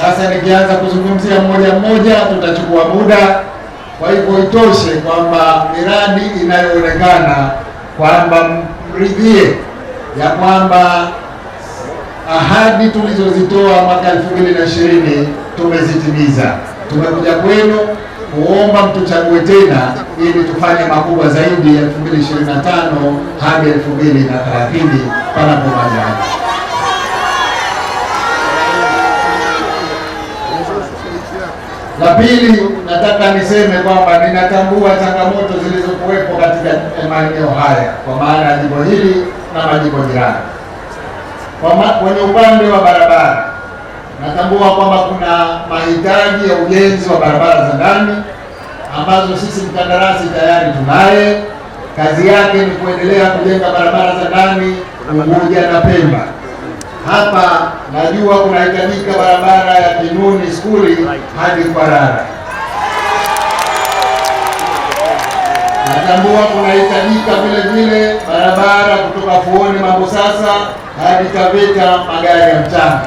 Sasa nikianza kuzungumzia mmoja mmoja tutachukua muda, kwa hivyo itoshe kwamba miradi inayoonekana kwamba mridhie ya kwamba ahadi tulizozitoa mwaka elfu mbili na ishirini tumezitimiza. Tumekuja kwenu kuomba mtuchague tena ili tufanye makubwa zaidi elfu mbili ishirini na tano hadi elfu mbili na thelathini La pili, nataka niseme kwamba ninatambua changamoto zilizokuwepo katika maeneo haya kwa maana ya jimbo hili na majimbo jirani. Kwenye upande wa barabara, natambua kwamba kuna mahitaji ya ujenzi wa barabara za ndani ambazo sisi mkandarasi tayari tunaye. Kazi yake ni kuendelea kujenga barabara za ndani Unguja na Pemba hapa najua kunahitajika barabara ya Kinuni skuli hadi kwarara Natambua kunahitajika vile vile barabara kutoka Fuoni Mambo Sasa hadi Taveta magari ya mchanga.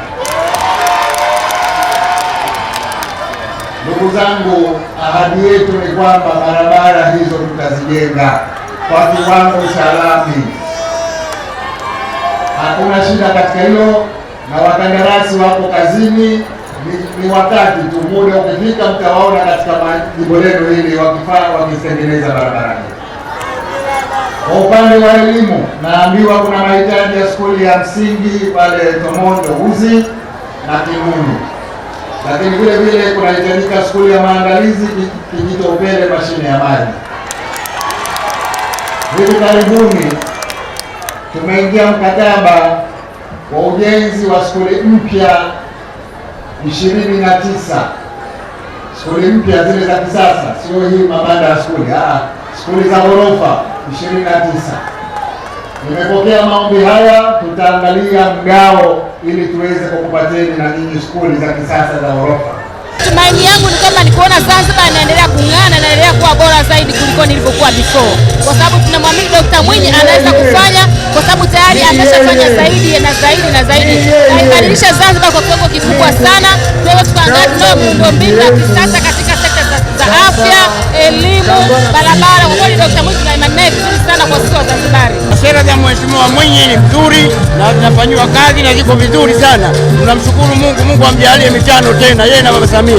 Ndugu zangu, ahadi yetu ni kwamba barabara hizo tutazijenga kwa kiwango cha lami kuna shida katika hilo, na wakandarasi wako kazini. Ni, ni wakati tu, muda ukifika mtawaona katika majimbo lenu hili wakifaa wakitengeneza barabarani. Kwa upande wa elimu, naambiwa kuna mahitaji ya skuli ya msingi pale Tomondo Uzi na Kinuni, lakini vile vile kunahitajika skuli ya maandalizi Kijitopele, mashine ya maji hivi karibuni tumeingia mkataba wa ujenzi wa skuli mpya ishirini na tisa skuli mpya zile za kisasa, sio hii mabanda ya skuli, ah, skuli za ghorofa ishirini na tisa. Nimepokea maombi haya, tutaangalia mgao ili tuweze kukupateni na nyinyi skuli za kisasa za ghorofa. Tumaini yangu ni kwamba nikuona Zanzibar anaendelea kung'ana na kuwa bora zaidi kuliko nilivyokuwa before, kwa sababu tunamwamini Dr. Mwinyi anaweza kufanya, kwa sababu tayari ameshafanya zaidi na zaidi na zaidi, aibadilisha Zanzibar kwa kiwango kikubwa sana. Kwa tukaangaa tunao miundombinu ya kisasa katika sekta za afya, elimu, barabara. Kwa kweli Dr. wa Mwinyi ni mzuri na zinafanyiwa kazi na ziko vizuri sana. Tunamshukuru Mungu, Mungu amjalie mitano tena yeye na Mama Samia.